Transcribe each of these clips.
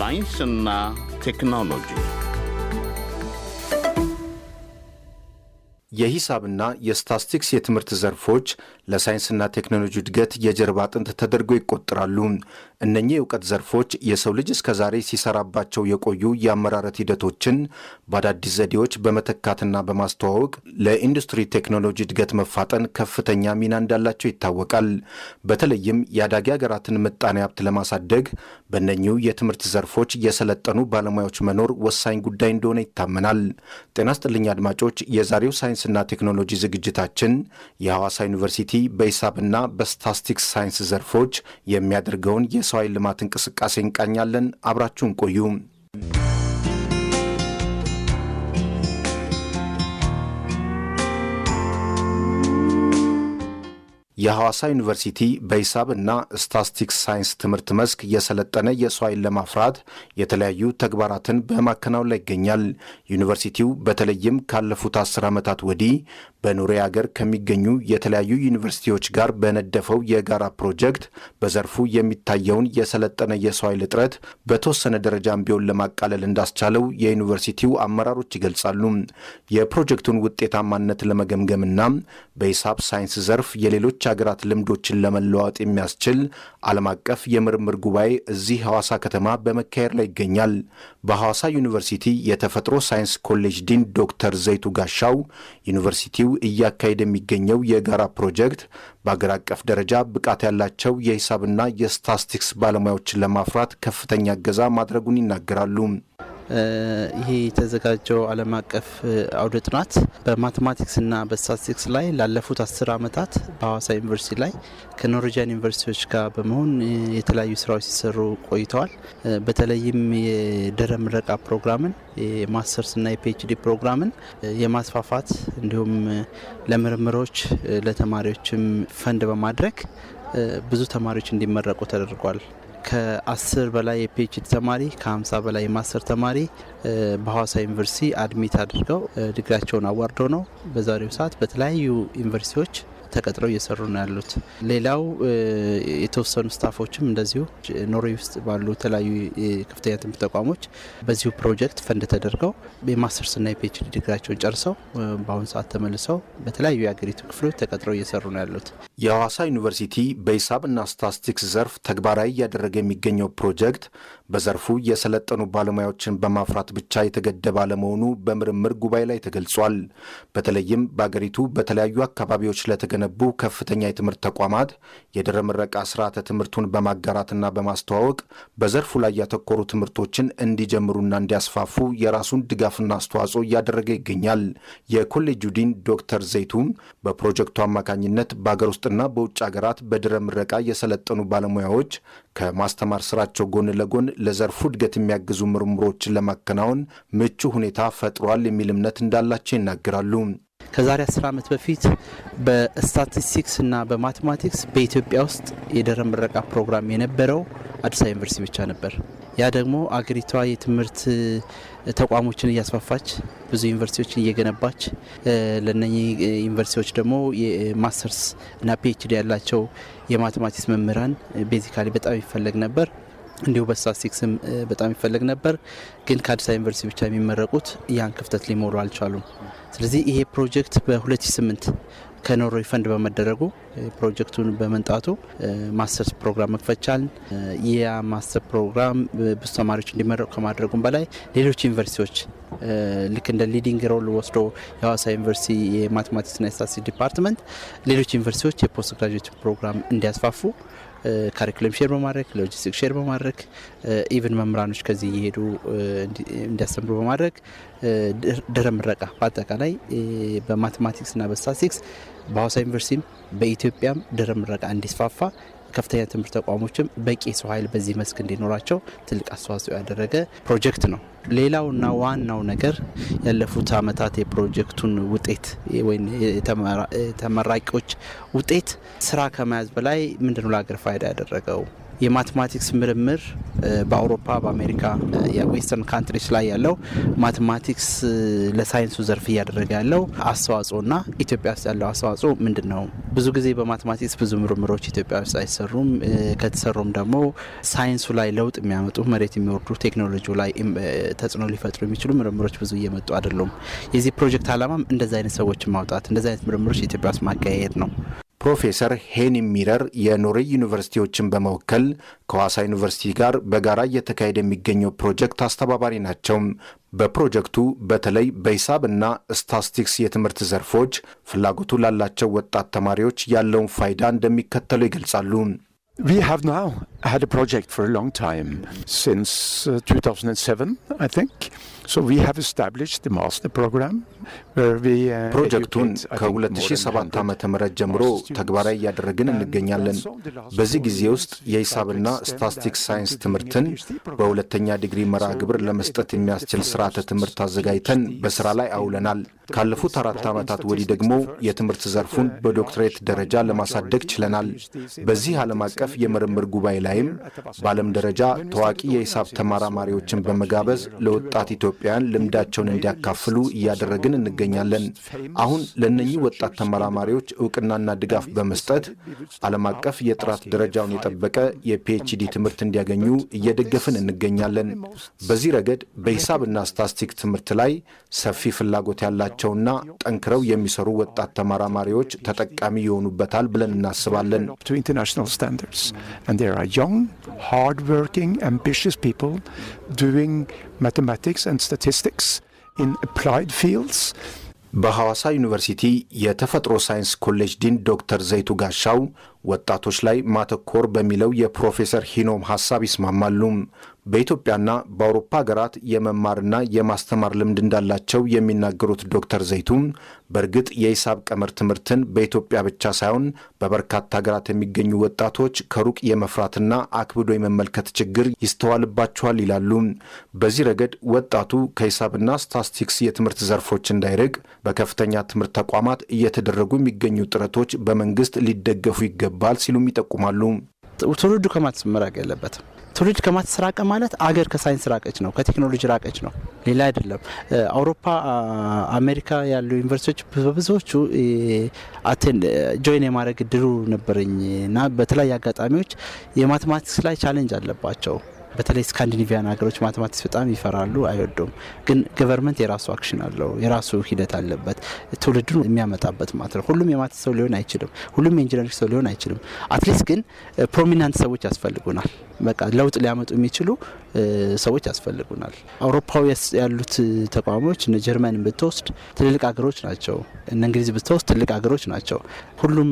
ሳይንስና ቴክኖሎጂ የሂሳብና የስታስቲክስ የትምህርት ዘርፎች ለሳይንስና ቴክኖሎጂ እድገት የጀርባ አጥንት ተደርገው ይቆጠራሉ። እነኚህ የእውቀት ዘርፎች የሰው ልጅ እስከዛሬ ሲሰራባቸው የቆዩ የአመራረት ሂደቶችን በአዳዲስ ዘዴዎች በመተካትና በማስተዋወቅ ለኢንዱስትሪ ቴክኖሎጂ እድገት መፋጠን ከፍተኛ ሚና እንዳላቸው ይታወቃል። በተለይም የአዳጊ ሀገራትን ምጣኔ ሀብት ለማሳደግ በእነኚሁ የትምህርት ዘርፎች የሰለጠኑ ባለሙያዎች መኖር ወሳኝ ጉዳይ እንደሆነ ይታመናል። ጤና ስጥልኝ አድማጮች፣ የዛሬው ሳይንስና ቴክኖሎጂ ዝግጅታችን የሐዋሳ ዩኒቨርሲቲ በሂሳብና በስታስቲክስ ሳይንስ ዘርፎች የሚያደርገውን የሰው ኃይል ልማት እንቅስቃሴ እንቃኛለን። አብራችሁን ቆዩ። የሐዋሳ ዩኒቨርሲቲ በሂሳብና ስታስቲክስ ሳይንስ ትምህርት መስክ የሰለጠነ የሰው ኃይል ለማፍራት የተለያዩ ተግባራትን በማከናወን ላይ ይገኛል። ዩኒቨርሲቲው በተለይም ካለፉት አስር ዓመታት ወዲህ በኖሬ ሀገር ከሚገኙ የተለያዩ ዩኒቨርሲቲዎች ጋር በነደፈው የጋራ ፕሮጀክት በዘርፉ የሚታየውን የሰለጠነ የሰው ኃይል እጥረት በተወሰነ ደረጃም ቢሆን ለማቃለል እንዳስቻለው የዩኒቨርሲቲው አመራሮች ይገልጻሉ። የፕሮጀክቱን ውጤታማነት ለመገምገምና በሂሳብ ሳይንስ ዘርፍ የሌሎች ሀገራት ልምዶችን ለመለዋወጥ የሚያስችል ዓለም አቀፍ የምርምር ጉባኤ እዚህ ሐዋሳ ከተማ በመካሄድ ላይ ይገኛል። በሐዋሳ ዩኒቨርሲቲ የተፈጥሮ ሳይንስ ኮሌጅ ዲን ዶክተር ዘይቱ ጋሻው ዩኒቨርሲቲው እያካሄደ የሚገኘው የጋራ ፕሮጀክት በአገር አቀፍ ደረጃ ብቃት ያላቸው የሂሳብና የስታስቲክስ ባለሙያዎችን ለማፍራት ከፍተኛ እገዛ ማድረጉን ይናገራሉ። ይሄ የተዘጋጀው ዓለም አቀፍ አውደ ጥናት በማቴማቲክስና በስታቲስቲክስ ላይ ላለፉት አስር ዓመታት በሐዋሳ ዩኒቨርሲቲ ላይ ከኖርጃን ዩኒቨርሲቲዎች ጋር በመሆን የተለያዩ ስራዎች ሲሰሩ ቆይተዋል። በተለይም የድህረ ምረቃ ፕሮግራምን የማስተርስና የፒኤችዲ ፕሮግራምን የማስፋፋት እንዲሁም ለምርምሮች ለተማሪዎችም ፈንድ በማድረግ ብዙ ተማሪዎች እንዲመረቁ ተደርጓል። ከአስር በላይ የፒኤችዲ ተማሪ ከ በላይ የማስተር ተማሪ በሐዋሳ ዩኒቨርሲቲ አድሚት አድርገው ድግራቸውን አዋርደው ነው በዛሬው ሰዓት በተለያዩ ዩኒቨርሲቲዎች ተቀጥረው እየሰሩ ነው ያሉት። ሌላው የተወሰኑ ስታፎችም እንደዚሁ ኖርዌይ ውስጥ ባሉ የተለያዩ የከፍተኛ ትምህርት ተቋሞች በዚሁ ፕሮጀክት ፈንድ ተደርገው የማስተርስና የፒኤችዲ ድግራቸውን ጨርሰው በአሁኑ ሰዓት ተመልሰው በተለያዩ የአገሪቱ ክፍሎች ተቀጥረው እየሰሩ ነው ያሉት። የሐዋሳ ዩኒቨርሲቲ በሂሳብና ስታስቲክስ ዘርፍ ተግባራዊ እያደረገ የሚገኘው ፕሮጀክት በዘርፉ የሰለጠኑ ባለሙያዎችን በማፍራት ብቻ የተገደበ አለመሆኑ በምርምር ጉባኤ ላይ ተገልጿል። በተለይም በአገሪቱ በተለያዩ አካባቢዎች ለተገነቡ ከፍተኛ የትምህርት ተቋማት የድህረ ምረቃ ስርዓተ ትምህርቱን በማጋራትና በማስተዋወቅ በዘርፉ ላይ ያተኮሩ ትምህርቶችን እንዲጀምሩና እንዲያስፋፉ የራሱን ድጋፍና አስተዋጽኦ እያደረገ ይገኛል። የኮሌጁ ዲን ዶክተር ዘይቱም በፕሮጀክቱ አማካኝነት በአገር ውስጥ ውስጥና በውጭ ሀገራት በድረ ምረቃ የሰለጠኑ ባለሙያዎች ከማስተማር ስራቸው ጎን ለጎን ለዘርፉ እድገት የሚያግዙ ምርምሮችን ለማከናወን ምቹ ሁኔታ ፈጥሯል የሚል እምነት እንዳላቸው ይናገራሉ። ከዛሬ አስር ዓመት በፊት በስታቲስቲክስ እና በማቴማቲክስ በኢትዮጵያ ውስጥ የድረ ምረቃ ፕሮግራም የነበረው አዲስ አበባ ዩኒቨርሲቲ ብቻ ነበር። ያ ደግሞ አገሪቷ የትምህርት ተቋሞችን እያስፋፋች ብዙ ዩኒቨርሲቲዎችን እየገነባች ለነኚህ ዩኒቨርሲቲዎች ደግሞ ማስተርስ እና ፒኤችዲ ያላቸው የማቴማቲክስ መምህራን ቤዚካሊ በጣም ይፈለግ ነበር። እንዲሁ በስታስቲክስም በጣም ይፈለግ ነበር። ግን ከአዲስ አበባ ዩኒቨርሲቲ ብቻ የሚመረቁት ያን ክፍተት ሊሞሉ አልቻሉም። ስለዚህ ይሄ ፕሮጀክት በ2008 ከኖርዌይ ፈንድ በመደረጉ ፕሮጀክቱን በመንጣቱ ማስተርስ ፕሮግራም መክፈቻል። ያ ማስተር ፕሮግራም ብዙ ተማሪዎች እንዲመረቁ ከማድረጉም በላይ ሌሎች ዩኒቨርሲቲዎች ልክ እንደ ሊዲንግ ሮል ወስዶ የሀዋሳ ዩኒቨርሲቲ የማቴማቲክስና የስታትስቲክስ ዲፓርትመንት ሌሎች ዩኒቨርሲቲዎች የፖስት ግራጁዌት ፕሮግራም እንዲያስፋፉ ካሪኩለም ሼር በማድረግ ሎጂስቲክ ሼር በማድረግ ኢቨን መምህራኖች ከዚህ እየሄዱ እንዲያስተምሩ በማድረግ ድረ ምረቃ በአጠቃላይ ና በስታቲክስ በሀዋሳ ዩኒቨርሲቲም በኢትዮጵያም ድረ ምረቃ እንዲስፋፋ ከፍተኛ ትምህርት ተቋሞችም በቂ ሰው ኃይል በዚህ መስክ እንዲኖራቸው ትልቅ አስተዋጽኦ ያደረገ ፕሮጀክት ነው። ሌላውና ዋናው ነገር ያለፉት ዓመታት የፕሮጀክቱን ውጤት ወይም የተመራቂዎች ውጤት ስራ ከመያዝ በላይ ምንድነው ለሀገር ፋይዳ ያደረገው የማትማቲክስ ምርምር በአውሮፓ በአሜሪካ የዌስተርን ካንትሪስ ላይ ያለው ማትማቲክስ ለሳይንሱ ዘርፍ እያደረገ ያለው አስተዋጽኦ ና ኢትዮጵያ ውስጥ ያለው አስተዋጽኦ ምንድን ነው? ብዙ ጊዜ በማትማቲክስ ብዙ ምርምሮች ኢትዮጵያ ውስጥ አይሰሩም። ከተሰሩም ደግሞ ሳይንሱ ላይ ለውጥ የሚያመጡ መሬት የሚወርዱ ቴክኖሎጂ ላይ ተጽዕኖ ሊፈጥሩ የሚችሉ ምርምሮች ብዙ እየመጡ አይደሉም። የዚህ ፕሮጀክት አላማም እንደዚ አይነት ሰዎች ማውጣት እንደዚ አይነት ምርምሮች ኢትዮጵያ ውስጥ ማካሄድ ነው። ፕሮፌሰር ሄኒ ሚረር የኖሬ ዩኒቨርሲቲዎችን በመወከል ከዋሳ ዩኒቨርሲቲ ጋር በጋራ እየተካሄደ የሚገኘው ፕሮጀክት አስተባባሪ ናቸው። በፕሮጀክቱ በተለይ በሂሳብ ስታስቲክስ የትምህርት ዘርፎች ፍላጎቱ ላላቸው ወጣት ተማሪዎች ያለውን ፋይዳ እንደሚከተለው ይገልጻሉ። I had a project for a long time, since uh, 2007, I think. So we have established the master program where we ፕሮጀክቱን ከ2007 ዓ ም ጀምሮ ተግባራዊ እያደረግን እንገኛለን። በዚህ ጊዜ ውስጥ የሂሳብና ስታስቲክስ ሳይንስ ትምህርትን በሁለተኛ ዲግሪ መርሃ ግብር ለመስጠት የሚያስችል ስርዓተ ትምህርት አዘጋጅተን በስራ ላይ አውለናል። ካለፉት አራት ዓመታት ወዲህ ደግሞ የትምህርት ዘርፉን uh, በዶክትሬት ደረጃ ለማሳደግ ችለናል። በዚህ ዓለም አቀፍ የምርምር ጉባኤ ላይ ላይም በዓለም ደረጃ ታዋቂ የሂሳብ ተመራማሪዎችን በመጋበዝ ለወጣት ኢትዮጵያውያን ልምዳቸውን እንዲያካፍሉ እያደረግን እንገኛለን። አሁን ለነኚህ ወጣት ተመራማሪዎች እውቅናና ድጋፍ በመስጠት ዓለም አቀፍ የጥራት ደረጃውን የጠበቀ የፒኤችዲ ትምህርት እንዲያገኙ እየደገፍን እንገኛለን። በዚህ ረገድ በሂሳብና ስታስቲክ ትምህርት ላይ ሰፊ ፍላጎት ያላቸውና ጠንክረው የሚሰሩ ወጣት ተመራማሪዎች ተጠቃሚ ይሆኑበታል ብለን እናስባለን። young, hard-working, ambitious people doing mathematics and statistics in applied fields. በሐዋሳ ዩኒቨርሲቲ የተፈጥሮ ሳይንስ ኮሌጅ ዲን ዶክተር ዘይቱ ጋሻው ወጣቶች ላይ ማተኮር በሚለው የፕሮፌሰር ሂኖም ሐሳብ ይስማማሉ። በኢትዮጵያና በአውሮፓ ሀገራት የመማርና የማስተማር ልምድ እንዳላቸው የሚናገሩት ዶክተር ዘይቱ በእርግጥ የሂሳብ ቀመር ትምህርትን በኢትዮጵያ ብቻ ሳይሆን በበርካታ ሀገራት የሚገኙ ወጣቶች ከሩቅ የመፍራትና አክብዶ የመመልከት ችግር ይስተዋልባቸዋል ይላሉ። በዚህ ረገድ ወጣቱ ከሂሳብና ስታስቲክስ የትምህርት ዘርፎች እንዳይርቅ በከፍተኛ ትምህርት ተቋማት እየተደረጉ የሚገኙ ጥረቶች በመንግስት ሊደገፉ ይገባል ሲሉም ይጠቁማሉ። ትውልዱ ከማት መራቅ የለበትም። ትውልድ ከማትስ ራቀ ማለት አገር ከሳይንስ ራቀች ነው፣ ከቴክኖሎጂ ራቀች ነው፣ ሌላ አይደለም። አውሮፓ፣ አሜሪካ ያሉ ዩኒቨርሲቲዎች በብዙዎቹ ጆይን የማድረግ ድሉ ነበረኝ እና በተለያዩ አጋጣሚዎች የማትማቲክስ ላይ ቻሌንጅ አለባቸው። በተለይ ስካንዲኒቪያን ሀገሮች ማቴማቲክስ በጣም ይፈራሉ፣ አይወዱም። ግን ገቨርንመንት የራሱ አክሽን አለው፣ የራሱ ሂደት አለበት ትውልዱን የሚያመጣበት ማለት ነው። ሁሉም የማት ሰው ሊሆን አይችልም፣ ሁሉም የኢንጂነሪንግ ሰው ሊሆን አይችልም። አትሊስት ግን ፕሮሚናንት ሰዎች ያስፈልጉናል። በቃ ለውጥ ሊያመጡ የሚችሉ ሰዎች ያስፈልጉናል። አውሮፓዊ ያሉት ተቋሞች እነ ጀርመንን ብትወስድ ትልልቅ ሀገሮች ናቸው። እነ እንግሊዝ ብትወስድ ትልቅ ሀገሮች ናቸው። ሁሉም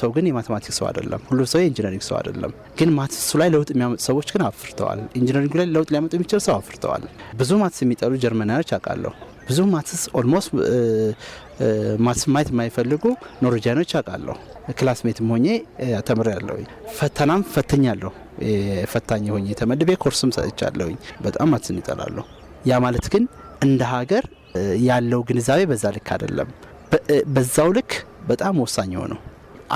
ሰው ግን የማቴማቲክ ሰው አይደለም። ሁሉም ሰው የኢንጂነሪንግ ሰው አይደለም። ግን ማትሱ ላይ ለውጥ የሚያመጡ ሰዎች ግን አፍርተዋል። ኢንጂነሪንግ ላይ ለውጥ ሊያመጡ የሚችል ሰው አፍርተዋል። ብዙ ማትስ የሚጠሉ ጀርመናዎች አውቃለሁ። ብዙ ማትስ ኦልሞስት ማትስ ማየት የማይፈልጉ ኖርጃኖች አውቃለሁ። ክላስ ሜትም ሆኜ ተምሬያለሁ። ፈተናም ፈትኛለሁ። ፈታኝ ሆኜ ተመድቤ ኮርስም ሰጥቻለሁኝ። በጣም ማትስን ይጠላለሁ። ያ ማለት ግን እንደ ሀገር ያለው ግንዛቤ በዛ ልክ አይደለም። በዛው ልክ በጣም ወሳኝ የሆነው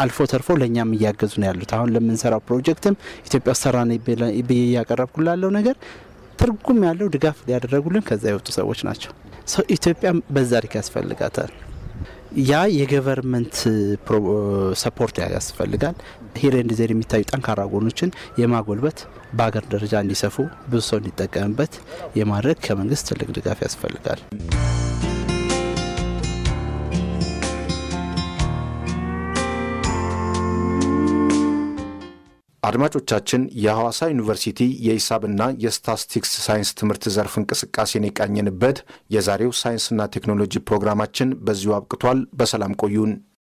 አልፎ ተርፎ ለእኛም እያገዙ ነው ያሉት። አሁን ለምንሰራው ፕሮጀክትም ኢትዮጵያ ሰራ ብዬ እያቀረብኩ ላለው ነገር ትርጉም ያለው ድጋፍ ሊያደረጉልን ከዛ የወጡ ሰዎች ናቸው። ሰው ኢትዮጵያ በዛ ልክ ያስፈልጋታል። ያ የገቨርንመንት ሰፖርት ያስፈልጋል። ሂር ኤንድ የሚታዩ ጠንካራ ጎኖችን የማጎልበት በሀገር ደረጃ እንዲሰፉ ብዙ ሰው እንዲጠቀምበት የማድረግ ከመንግስት ትልቅ ድጋፍ ያስፈልጋል። አድማጮቻችን የሐዋሳ ዩኒቨርሲቲ የሂሳብና የስታስቲክስ ሳይንስ ትምህርት ዘርፍ እንቅስቃሴን የቃኘንበት የዛሬው ሳይንስና ቴክኖሎጂ ፕሮግራማችን በዚሁ አብቅቷል። በሰላም ቆዩን።